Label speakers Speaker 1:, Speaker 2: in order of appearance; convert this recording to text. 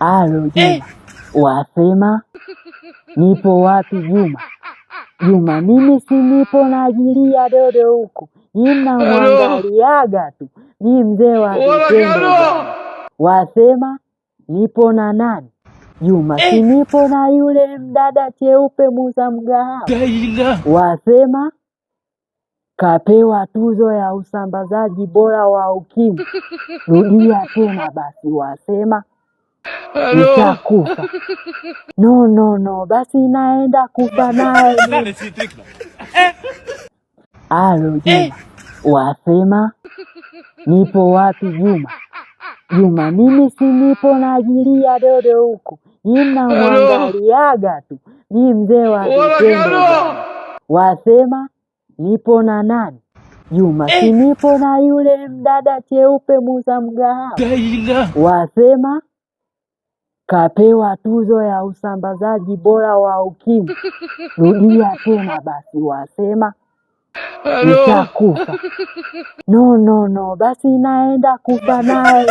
Speaker 1: Alo Juma, eh! wasema nipo wapi Juma? Juma, mimi si nipo ajilia dodo huko, ni mwangaliaga tu, ni mzee wa vitendo. Wasema nipo na nani Juma? Si eh! nipo na yule mdada cheupe Musa Mgahawa. Wasema kapewa tuzo ya usambazaji bora wa UKIMWI. Rudia tena basi, wasema nitakufa. No, no, no, basi naenda kufa naye. Alo Juma, eh. wasema nipo wapi Juma? Juma, mimi si nipo naajilia dodo huku, ni mwangaliaga tu, ni mzee wa vitendo. Wasema nipo na nani? Juma, si eh. nipo na yule mdada cheupe Musa Mgahawa. Wasema Kapewa tuzo ya usambazaji bora wa ukimwi. Rudia tena basi, wasema nitakufa. No, no, no, basi naenda kufa naye